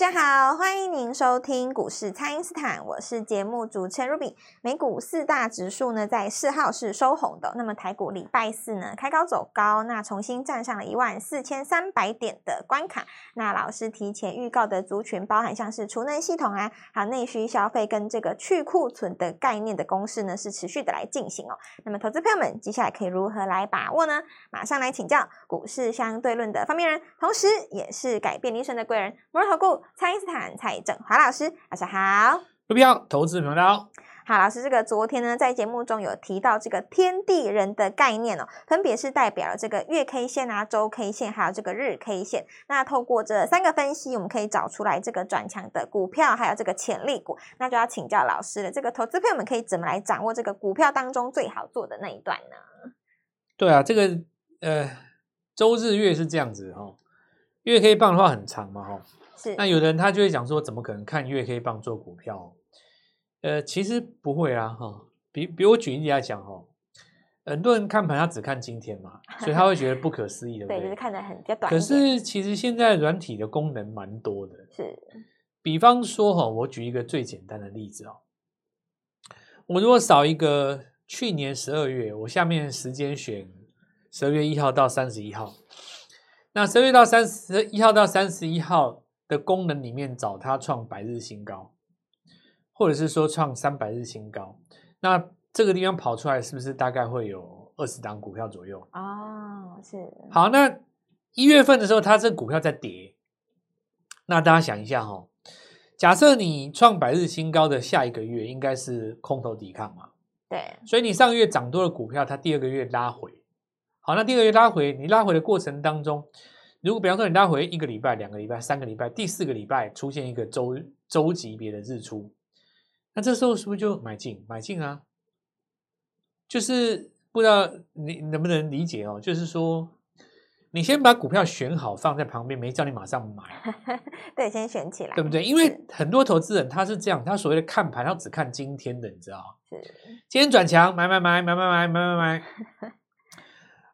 大家好，歡迎您收聽股市蔡因斯坦，我是節目主持人 Ruby。美股四大指數呢在四號是收紅的哦，那麼台股禮拜四呢開高走高，那重新站上了一萬四千三百點的關卡。那老師提前預告的族群，包含像是儲能系統啊，還有內需消費跟這個去庫存的概念的公式呢，是持續的來進行哦。那麼投資朋友們接下來可以如何來把握呢？馬上來請教股市相對論的發明人，同時也是改變一生的貴人摩爾投顧。蔡因斯坦、蔡正華老師，晚上好。投資朋友，好老師，這個昨天呢，在節目中有提到這個天地人的概念哦，分別是代表了這個月 K 線啊、周 K 線，還有這個日 K 線。那透過這三個分析，我們可以找出來這個轉強的股票，還有這個潛力股。那就要請教老師了，這個投資朋友們可以怎麼來掌握這個股票當中最好做的那一段呢？對啊，這個呃，周日月是這樣子哈、哦，月 K 棒的話很長嘛哈。是 那有的人他就會講說，怎麼可能看月 K 棒做股票，哦？呃，其實不會啊，哈。比比我舉例子來講，哈，很多人看盤他只看今天嘛，所以他會覺得不可思議的，對不對？看的很比較短。可是其實現在軟體的功能蠻多的，是。比方說，哈，我舉一個最簡單的例子哦，我如果掃一個去年十二月，我下面時間選十二月一號到三十一號，那十二月到三十一號到三十一號。的功能裡面找它創百日新高，或者是說創三百日新高，那這個地方跑出來是不是大概會有二十檔股票左右啊？是。好，那一月份的時候，它這股票在跌，那大家想一下哈、哦，假設你創百日新高的下一個月應該是空頭抵抗嘛？對。所以你上個月漲多了股票，它第二個月拉回。好，那第二個月拉回，你拉回的過程當中。如果比方說你拉回一個禮拜、兩個禮拜、三個禮拜，第四個禮拜出現一個週週級別的日出，那這時候是不是就買進買進啊？就是不知道你能不能理解哦？就是說，你先把股票選好放在旁邊，沒叫你馬上買。 對，先選起來，對不對？是因為很多投資人他是這樣，他所謂的看盤，他只看今天的，你知道嗎？是。今天轉強，買買買買買買買買買。買買買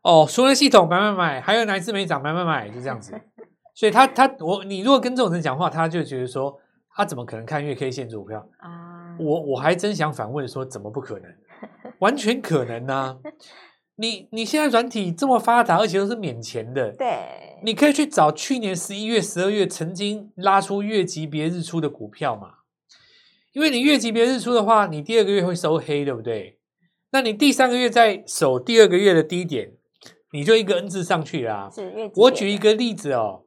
哦，儲能系統買買買，還有哪一支沒漲買買買，就這樣子。所以他，他他我你如果跟這種人講話，他就覺得說，他、啊、怎麼可能看月 K 線股票啊？我我還真想反問說，怎麼不可能？完全可能呢、啊。你你現在軟體這麼發達，而且都是免錢的，對，你可以去找去年十一月、十二月曾經拉出月級別日出的股票嘛？因為你月級別日出的話，你第二個月會收黑，對不對？那你第三個月再守第二個月的低點。你就一個 N 字上去啦。我舉一個例子哦，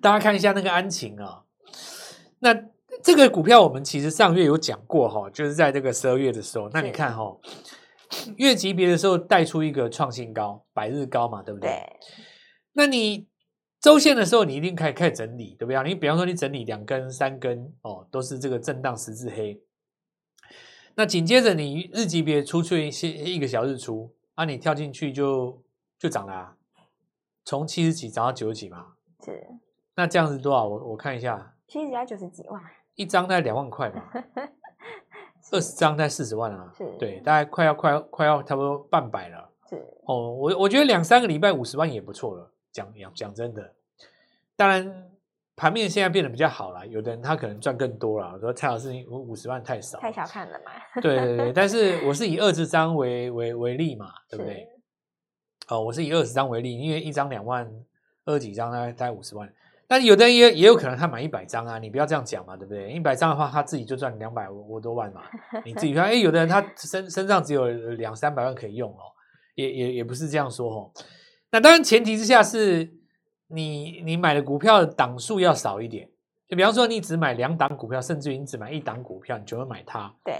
大家看一下那個安勤哦，那這個股票我們其實上月有講過哈、哦，就是在這個十二月的時候，那你看哈、哦，對月級別的時候帶出一個創新高，百日高嘛，對不對？對，那你週線的時候，你一定可以可以整理，對不對？你比方說你整理兩根三根哦，都是這個震盪十字黑，那緊接着你日級別出去一些一個小日出。啊，啊，你跳進去就就漲了，從七十幾漲到九十幾嘛。是。那這樣子多少？我我看一下。七十幾還九十幾萬。一張大概兩萬塊嘛。二十張在四十萬啊。是對，大概快要快快要差不多半百了。是。哦，我我覺得兩三個禮拜五十萬也不錯了。講講講真的，當然。嗯盤面現在變得比較好了，有的人他可能賺更多了。我說蔡老師，五五十萬太少，太小看了嘛。 對對對，但是我是以二十張為為為例嘛，對不對？是哦，我是以二十張為例，因為一張兩萬，二幾張大概五十萬。但有的人也也有可能他買一百張啊，你不要這樣講嘛，對不對？一百張的話，他自己就賺兩百五五多萬嘛。你自己看，哎，有的人他身身上只有兩三百萬可以用哦，也也也不是這樣說哦。那當然前提之下是。你你買的股票的檔數要少一點，就比方說你只買兩檔股票，甚至於你只買一檔股票，你就會買它。對。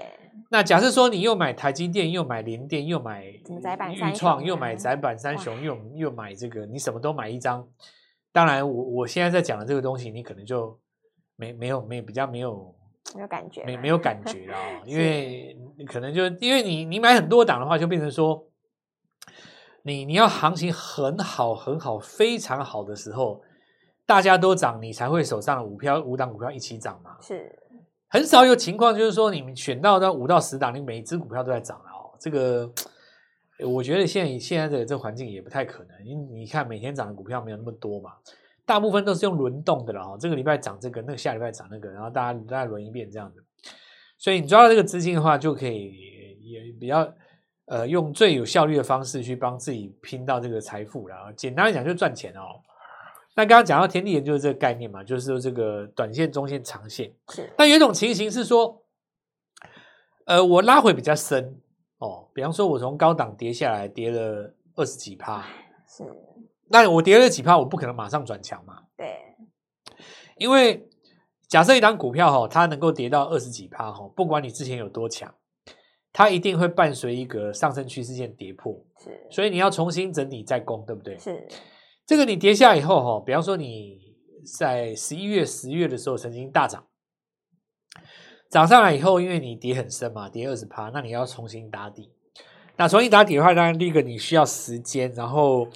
那假設說你又買台積電，又買聯電，又買怎麼窄板三雄,、啊、三雄，又買窄板三雄，又又買這個，哇你什麼都買一張。當然我，我我現在在講的這個東西，你可能就沒沒有沒有比較沒有,有沒,沒有感覺、哦，沒沒有感覺啊，因為可能就因為你你買很多檔的話，就變成說。你你要行情很好很好非常好的時候，大家都漲，你才會手上的五票五檔股票一起漲嘛。是，很少有情況就是說，你們選到的五到十檔，你每一支股票都在漲了哦。這個，我覺得現在現在的這環境也不太可能，因為你看每天漲的股票沒有那麼多嘛，大部分都是用輪動的了哦。這個禮拜漲這個，那個下禮拜漲那個，然後大家再輪一遍這樣子。所以你抓到這個資金的話，就可以也，也比較。呃，用最有效率的方式去幫自己拼到這個財富，然後簡單來講就賺錢哦。那剛剛講到天地人，就是這個概念嘛，就是說這個短線、中線、長線。是。但有一種情形是說，呃，我拉回比較深哦，比方說我從高檔跌下來，跌了二十幾趴，是。那我跌了幾趴，我不可能馬上轉強嘛。對。因為假設一檔股票哈、哦，它能夠跌到二十幾趴哈、哦，不管你之前有多強。它一定會伴隨一個上升趨勢線跌破，是所以你要重新整理再攻，對不對？是這個你跌下以後哈、哦，比方說你在十一月、十月的時候曾經大漲，漲上來以後，因為你跌很深嘛，跌二十趴，那你要重新打底。那重新打底的話，當然第一個你需要時間，然後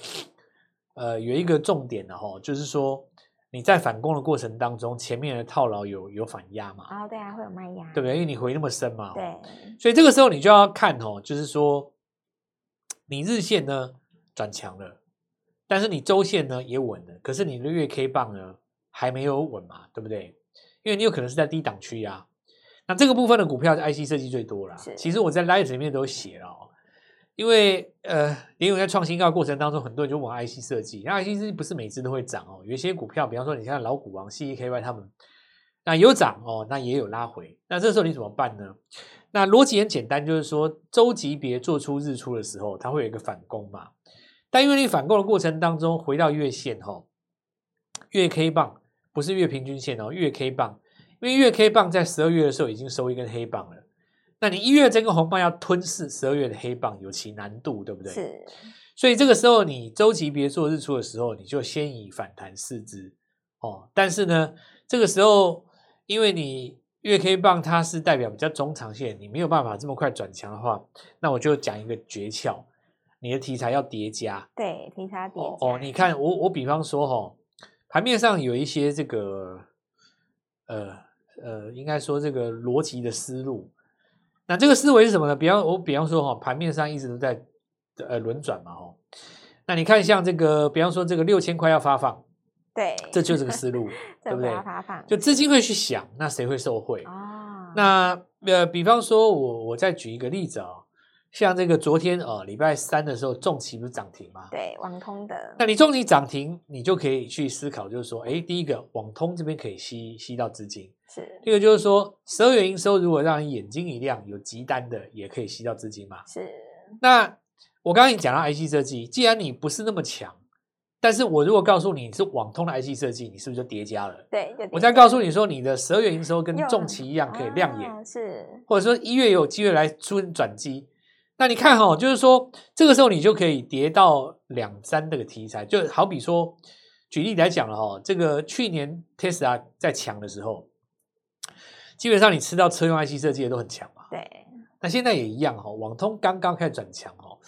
呃有一個重點的、哦、哈，就是說。你在反攻的過程當中，前面的套牢有有反壓嘛？啊，oh, 對啊，會有賣壓，對不對？因為你回那麼深嘛。對。所以這個時候你就要看哦，就是說，你日線呢轉強了，但是你周線呢也穩了，可是你的月 K 棒呢還沒有穩嘛？對不對？因為你有可能是在低檔區啊。那這個部分的股票是 IC 設計最多啦。是其實我在 LINE 裡面都有寫了哦。因為呃，因有在創新高的過程當中，很多人就往 IC 設計，那 IC 設計不是每隻都會漲哦，有一些股票，比方說你像老股王 C E K Y 他們，那有漲哦，那也有拉回，那這時候你怎麼辦呢？那邏輯很簡單，就是說周級別做出日出的時候，它會有一個反攻嘛，但因為你反攻的過程當中，回到月線哈、哦，月 K 棒不是月平均線哦，月 K 棒，因為月 K 棒在十二月的時候已經收一根黑棒了。那你一月這個紅棒要吞噬十二月的黑棒，有其難度，對不對？是。所以這個時候，你周級別做日出的時候，你就先以反彈視之哦。但是呢，這個時候因為你月 K 棒它是代表比較中長線，你沒有辦法這麼快轉強的話，那我就講一個訣竅：你的題材要疊加。對，題材疊加哦，哦。你看我，我我比方說、哦，哈，盤面上有一些這個，呃呃，應該說這個邏輯的思路。那這個思維，是什麼呢？比方我比方說哈、哦，盤面上一直都在呃輪轉嘛、哦，哈。那你看像這個，比方說這個六千塊要發放，對，這就是個思路，呵呵對不對？不要發放就資金會去想，對那誰會受惠啊？哦、那呃，比方說我我再舉一個例子啊、哦，像這個昨天啊、呃，禮拜三的時候，重旗不是漲停嗎？對，網通的。那你重旗漲停，你就可以去思考，就是說，哎，第一個，網通這邊可以吸吸到資金。是這個就是說，十二月營收如果讓你眼睛一亮，有急單的也可以吸到資金嘛？是。那我剛剛也講到 IC 設計，既然你不是那麼強，但是我如果告訴你是網通的 IC 設計，你是不是就疊加了？對。我再告訴你說，你的十二月營收跟重企一樣可以亮眼，啊，是。或者說一月有機會來出轉機，那你看哈，哦，就是說這個時候你就可以疊到兩三這個題材，就好比說舉例來講了哈，哦，這個去年 Tesla 在強的時候。基本上，你吃到車用 IC 設計的都很強嘛？對。那現在也一樣哈、哦，網通剛剛開始轉強哈。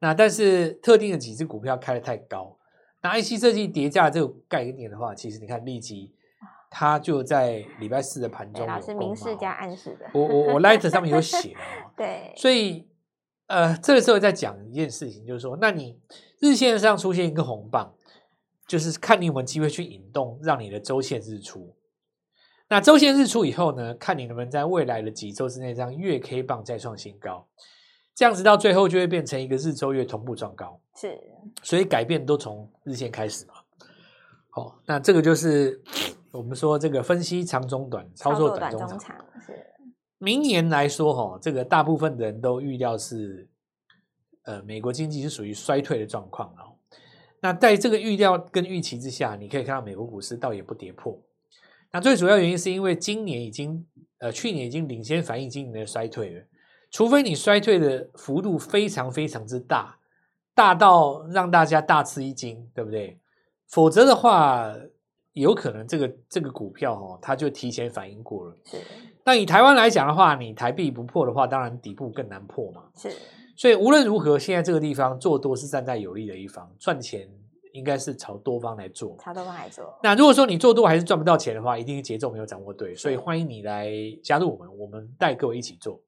那但是特定的幾隻股票開得太高，那 IC 設計疊加這個概念的話，其實你看立積它就在禮拜四的盤中是明示加暗示的。 我我我 Lite 上面有寫哦。對。所以呃，這個時候再講一件事情，就是說，那你日線上出現一根紅棒，就是看你有沒有機會去引動，讓你的週線日出。那週線日出以後呢？看你能不能在未來的幾周之內讓月 K 棒再創新高，這樣子到最後就會變成一個日周月同步狀高。是，所以改變都從日線開始嘛。好、哦，那這個就是我們說這個分析長中短，操作短中長。中長是。明年來說哈、哦，這個大部分的人都預料是，呃，美國經濟是屬於衰退的狀況哦。那在這個預料跟預期之下，你可以看到美國股市倒也不跌破。那最主要原因是因為今年已經，呃，去年已經領先反映今年的衰退了，除非你衰退的幅度非常非常之大，大到讓大家大吃一驚，對不對？否則的話，有可能這個這個股票哦，它就提前反應過了。是。那以台灣來講的話，你台幣不破的話，當然底部更難破嘛。是。所以無論如何，現在這個地方做多是站在有利的一方，賺錢，應該是朝多方來做，朝多方來做。那如果說你做多還是賺不到錢的話，一定是節奏沒有掌握對，所以歡迎你來加入我們，我們帶各位一起做。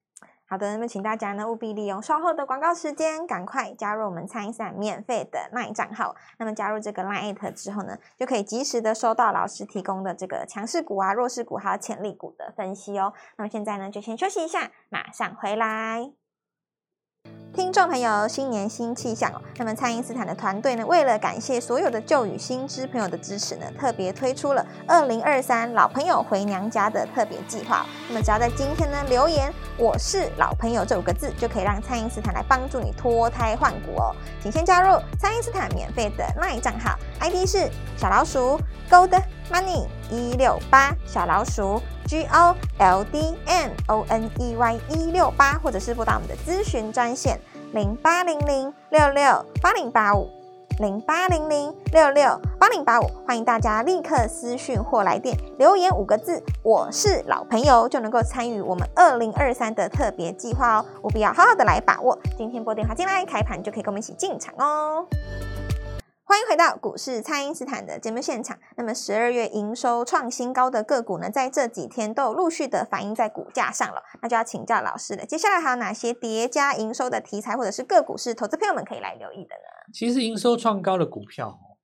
好的，那麼請大家呢，務必利用稍後的廣告時間，趕快加入我們參賽免費的 LINE 賬號。那麼加入這個 LINE@ 之後呢，就可以及時的收到老師提供的這個強勢股啊、弱勢股還有潛力股的分析哦。那麼現在呢，就先休息一下，馬上回來。聽眾朋友，新年新氣象哦，那麼，蔡因斯坦的團隊呢，為了感謝所有的舊雨新知朋友的支持呢，特別推出了二零二三老朋友回娘家的特別計劃。那麼，只要在今天呢留言“我是老朋友”這五個字，就可以讓蔡因斯坦來幫助你脫胎換骨哦。請先加入蔡因斯坦免費的 line 賬號，ID 是小老鼠 Gold。Go money 一六八小老鼠 G O L D M O N E Y 一六八，或者是撥打我們的諮詢專線零八零零六六八零八五零八零零六六八零八五，歡迎大家立刻私訊或來電留言五個字，「我是老朋友」就能夠參與我們二零二三的特別計劃哦，務必要好好的來把握。今天撥電話進來，開盤就可以跟我們一起進場哦。歡迎回到股市蔡因斯坦的節目現場。那麼，十二月營收創新高的個股呢，在這幾天都陸續的反映在股價上了。那就要請教老師了，接下來還有哪些疊加營收的題材或者是個股是投資朋友們可以來留意的呢？其實營收創高的股票，哦，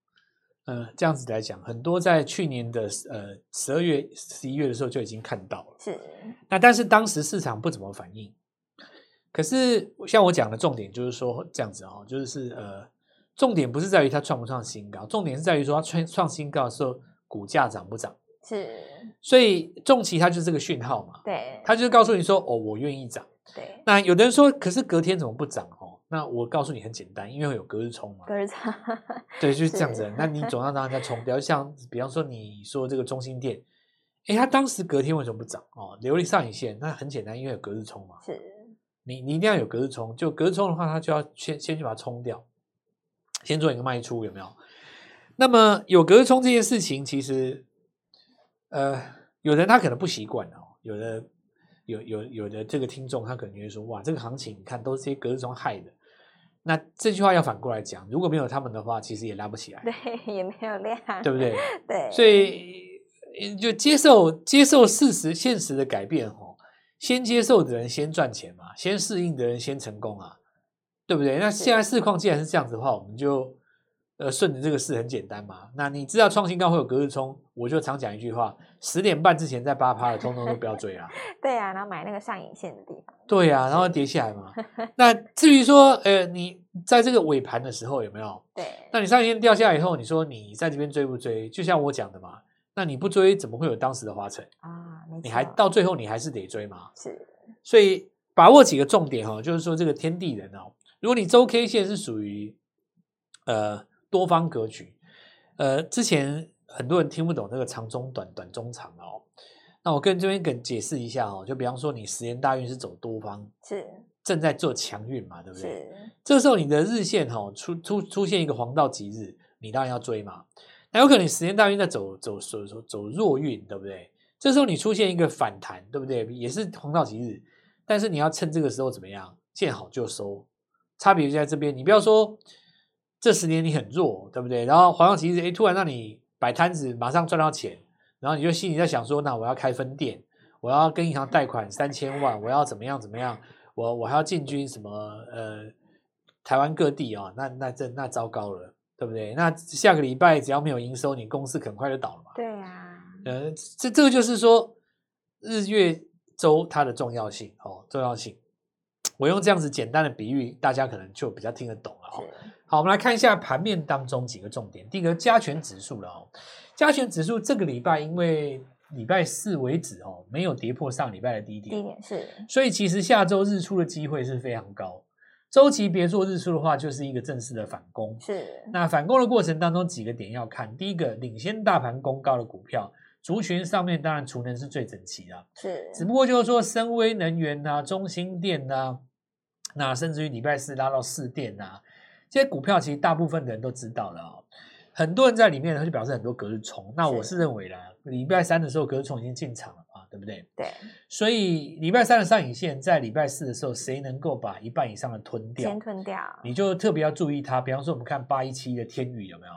嗯、呃，這樣子來講，很多在去年的呃十二月、十一月的時候就已經看到了，是。那但是當時市場不怎麼反應，可是像我講的重點就是說這樣子哦，就是呃。重點不是在於它創不創新高，重點是在於說它創創新高的時候股價漲不漲。是，所以重其它就是這個訊號嘛。對，它就是告訴你說，哦，我願意漲。對。那有的人說，可是隔天怎麼不漲？哦，那我告訴你很簡單，因為有隔日沖嘛。隔日沖。對，就是這樣子。是那你總要讓人家沖，比如像，比方說你說這個中興電，哎，它當時隔天為什麼不漲？哦，留了上影線。那很簡單，因為有隔日沖嘛。是。你你一定要有隔日沖，就隔日沖的話，它就要先先去把它沖掉。先做一個賣出有沒有？那麼有隔日衝這件事情，其實，呃，有人他可能不習慣哦。有的有有有的這個聽眾，他可能就會說：“哇，這個行情你看都是些隔日衝害的。”那這句話要反過來講，如果沒有他們的話，其實也拉不起來。對，也沒有量，對不對？對，所以就接受接受事實、現實的改變哦。先接受的人先賺錢嘛，先適應的人先成功啊。對不對？那現在市況既然是這樣子的話，我們就呃順着這個事，很簡單嘛。那你知道創新高會有隔日沖，我就常講一句話：十點半之前在八趴的，通通都不要追啊。對啊，然後買那個上影線的地方。對啊，然後跌下來嘛。那至於說呃，你在這個尾盤的時候有沒有？對。那你上影線掉下來以後，你說你在這邊追不追？就像我講的嘛。那你不追，怎麼會有當時的華城啊？你還到最後你還是得追嘛。是。所以把握幾個重點哈、哦，就是說這個天地人哦。如果你周 K 線是屬於呃多方格局，呃，之前很多人聽不懂那個長中短短中長哦，那我跟這邊跟解釋一下哦，就比方說你十年大運是走多方，是正在做強運嘛，對不對？是。這時候你的日線哈、哦、出出出現一個黃道吉日，你當然要追嘛。那有可能你十年大運在走走走走走弱運，對不對？這時候你出現一個反彈，對不對？也是黃道吉日，但是你要趁這個時候怎麼樣？見好就收。差別就在這邊，你不要說這十年你很弱，對不對？然後皇上其實誒，突然讓你擺攤子，馬上賺到錢，然後你就心裡在想說，那我要開分店，我要跟銀行貸款三千萬，我要怎麼樣怎麼樣，我我還要進軍什麼呃台灣各地啊，那那這那糟糕了，對不對？那下個禮拜只要沒有營收，你公司很快就倒了嘛。對呀，嗯，這這個就是說日月周它的重要性哦，重要性。我用這樣子簡單的比喻，大家可能就比較聽得懂了哈、哦。是好，我們來看一下盤面當中幾個重點。第一個加權指數了哦，加權指數這個禮拜因為禮拜四為止哦，沒有跌破上禮拜的低點、哦，低點是，所以其實下周日出的機會是非常高。週期別做日出的話，就是一個正式的反攻。是，那反攻的過程當中幾個點要看。第一個，領先大盤攻高的股票族群上面，當然儲能是最整齊的，是，只不過就是說森崴能源啊，中興電吶、啊。那甚至於禮拜四拉到士電啊，這些股票其實大部分的人都知道了、哦、很多人在裡面，他就表示很多隔日沖。是那我是認為啦，禮拜三的時候隔日沖已經進場了嘛，對不對？對。所以禮拜三的上影線，在禮拜四的時候，誰能夠把一半以上的吞掉？先吞掉。你就特別要注意它。比方說，我們看八一七的天宇有沒有？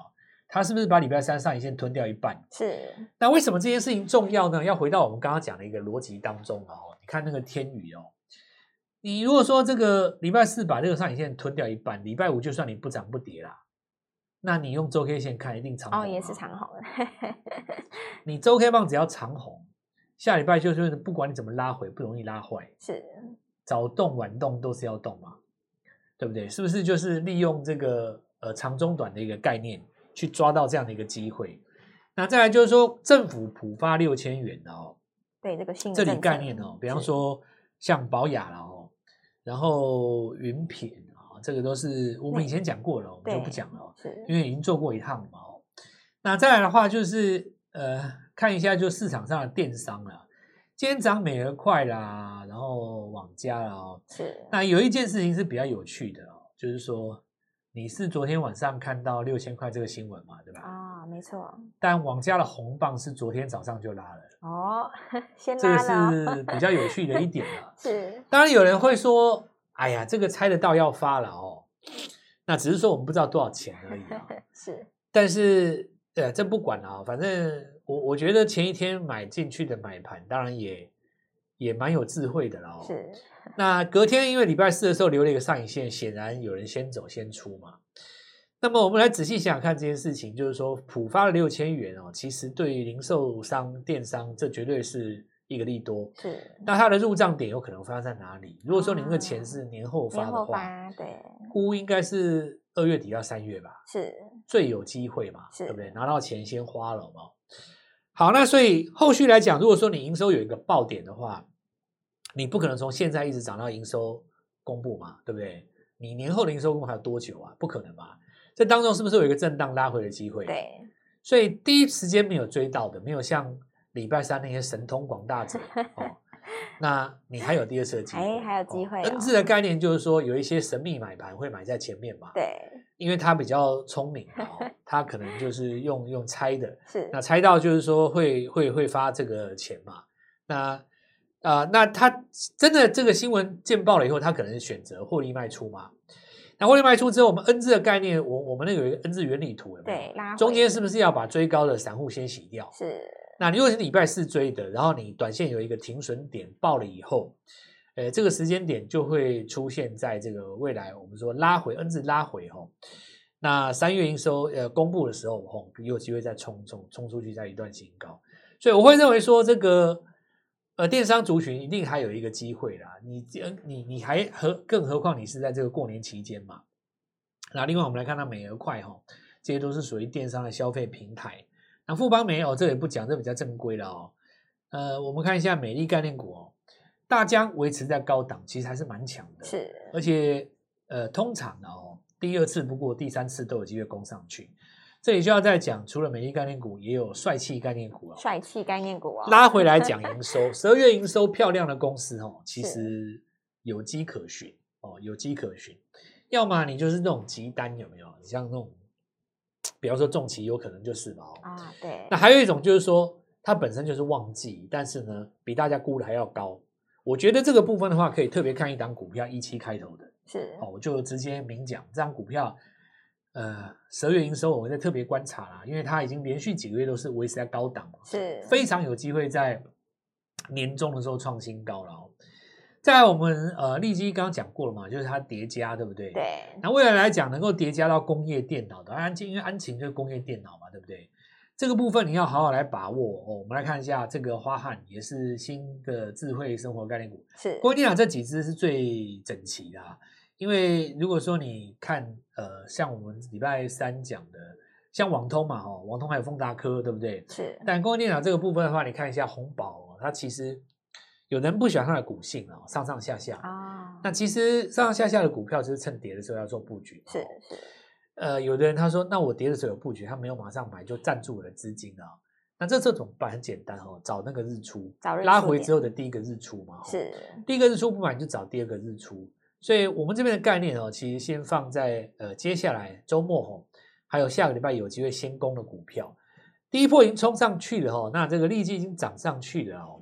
他是不是把禮拜三上影線吞掉一半？是。那為什麼這件事情重要呢？要回到我們剛剛講的一個邏輯當中哦。你看那個天宇哦。你如果說這個禮拜四把這個上影線吞掉一半，禮拜五就算你不漲不跌啦，那你用周 K 線看一定長紅、啊、哦，也是長紅、啊。 你周 K 棒只要長紅，下禮拜就是不管你怎麼拉回，不容易拉壞。是早動晚動都是要動嘛、啊，對不對？是不是就是利用這個呃長中短的一個概念去抓到這樣的一個機會？那再來就是說政府普發六千元哦，對這個信這裡概念哦，比方說像寶雅了哦。然後雲品啊，這個都是我們以前講過了，對我們就不講了，對因為已經做過一趟了嘛。是那再來的話就是呃，看一下就市場上的電商了，今天漲美而快啦，對然後網家啦。是，那有一件事情是比較有趣的就是說。你是昨天晚上看到六千塊這個新聞嘛？對吧？啊、哦，沒錯。但網家的紅棒是昨天早上就拉了。哦，先拉了。這個是比較有趣的一點了。 是。當然有人會說：“哎呀，這個猜得到要發了哦。”那只是說我們不知道多少錢而已、啊、 是。但是，呃，這不管了、哦，反正我我覺得前一天買進去的買盤，當然也。也蠻有智慧的了哦。是,那隔天因為禮拜四的時候留了一個上影線，顯然有人先走先出嘛。那麼我們來仔細想想看這件事情，就是說普發了六千元哦，其實對於零售商、電商這絕對是一個利多。是，那它的入賬點有可能發生在哪裡？如果說你那個錢是年後發的話，嗯、對，估應該是二月底到三月吧。是，最有機會嘛。是，對不對？拿到錢先花了嘛。好，那所以後續來講，如果說你營收有一個爆點的話，你不可能從現在一直漲到營收公布嘛，對不對？你年後的營收公布還有多久啊？不可能吧？這當中是不是有一個震盪拉回的機會？對，所以第一時間沒有追到的，沒有像禮拜三那些神通廣大者 哦，那你還有第二次機會還？還有機會、哦哦。N 字的概念就是說，有一些神秘買盤會買在前面嘛？對，因為他比較聰明、哦，他可能就是用用猜的，是那猜到就是說會會會發這個錢嘛？那。啊、呃，那他真的這個新聞見報了以後，他可能是選擇獲利賣出嘛？那獲利賣出之後，我們 N 字的概念，我我們那有一個 N 字原理圖了嘛？對，拉回，中間是不是要把追高的散戶先洗掉？是。那你如果是禮拜四追的，然後你短線有一個停損點爆了以後，呃，這個時間點就會出現在這個未來，我們說拉回 N 字拉回哈。那三月營收呃公布的時候，我們有機會再衝衝衝出去，再一段新高。所以我會認為說這個。呃，而電商族群一定還有一個機會啦，你你你還何更何況你是在這個過年期間嘛？那另外我們來看到美而快哈、哦，這些都是屬於電商的消費平台。那富邦媒、哦、這也不講，這比較正規的哦。呃，我們看一下美麗概念股哦，大江維持在高檔，其實還是蠻強的。是，而且呃，通常的哦，第二次不過第三次都有機會攻上去。這裡就要再講，除了美麗概念股，也有帥氣概念股哦。帥氣概念股啊、哦，拉回來講營收，十二 月營收漂亮的公司哦，其實有跡可循是哦，有跡可循。要麼你就是那種急單有沒有？你像那種，比方說重騎，有可能就是吧。哦。啊，對。那還有一種就是說，它本身就是旺季，但是呢，比大家估的還要高。我覺得這個部分的話，可以特別看一檔股票，一七開頭的。是。哦，我就直接明講，這張股票。呃，十月營收我們在特別觀察啦，因為它已經連續幾個月都是維持在高檔，是非常有機會在年終的時候創新高了。再來我們呃，利基剛剛講過了嘛，就是它疊加，對不對？對。那未來來講，能夠疊加到工業電腦的安勤，因為安勤就是工業電腦嘛，對不對？這個部分你要好好來把握哦。我們來看一下這個樺漢，也是新的智慧生活概念股。是。工業電腦啊，這幾隻是最整齊的啊。因為如果說你看，呃，像我們禮拜三講的，像網通嘛，哈、哦，網通還有豐達科，對不對？是。但工業電腦這個部分的話，你看一下紅寶，它其實有人不喜歡它的股性啊、哦，上上下下啊。那其實上上下下的股票就是趁跌的時候要做布局。是是。哦、是呃，有的人他說，那我跌的時候有布局，他沒有馬上買，就佔住我的資金啊、哦。那這這種辦法很簡單哦，找那個日出，日出拉回之後的第一個日出嘛。是。第一個日出不買，就找第二個日出。所以我們這邊的概念哦，其實先放在呃，接下來周末吼、哦，還有下個禮拜有機會先攻的股票，第一波已經衝上去了吼、哦，那這個利基已經漲上去了哦，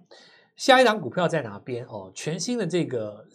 下一檔股票在哪邊哦？全新的這個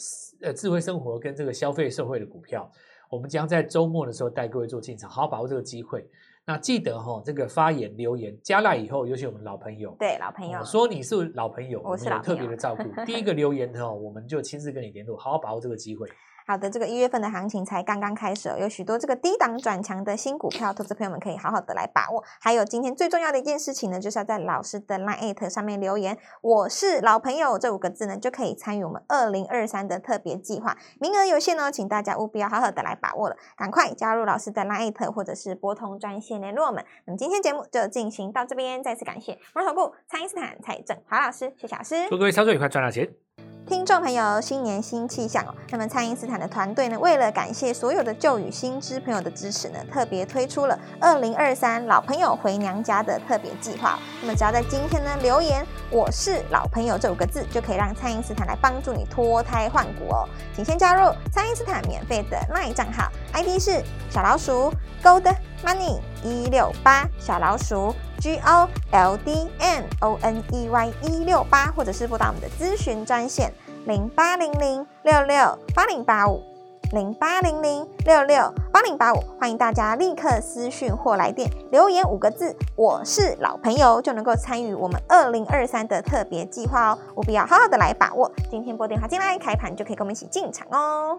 呃智慧生活跟這個消費社會的股票，我們將在周末的時候帶各位做進場，好好把握這個機會。那記得哈，這個發言留言、加賴以後，尤其我們老朋友，對，老朋友說你是老朋友，我，朋友我們有特別的照顧。第一個留言的哦， 我們就親自跟你聯絡，好好把握這個機會。好的，這個一月份的行情才剛剛開始哦，有許多這個低檔轉強的新股票，投資朋友們可以好好的來把握。還有今天最重要的一件事情呢，就是要在老師的 Line@ 上面留言“我是老朋友”這五個字呢，就可以參與我們二零二三的特別計劃，名額有限呢，哦，請大家務必要好好的來把握了，趕快加入老師的 Line@ 或者是撥通專線聯絡我們。那麼今天節目就進行到這邊，再次感謝摩爾投顧、蔡因斯坦、蔡正華老師、謝謝老師，祝各位操作愉快，賺到錢。聽眾朋友，新年新氣象哦。那麼，蔡因斯坦的團隊呢，為了感謝所有的舊雨新知朋友的支持呢，特別推出了二零二三老朋友回娘家的特別計劃。那麼，只要在今天呢，留言“我是老朋友”這五個字，就可以讓蔡因斯坦來幫助你脫胎換骨哦。請先加入蔡因斯坦免費的麥賬號。ID 是小老鼠 Gold Money 一六八，小老鼠 G O L D M O N E Y 一六八，或者是撥打我們的諮詢專線零八零零六六八零八五零八零零六六八零八五，85, 85, 85, 歡迎大家立刻私訊或來電留言五個字，我是老朋友就能夠參與我們二零二三的特別計劃哦，務必要好好的來把握，今天撥電話進來開盤就可以跟我們一起進場哦。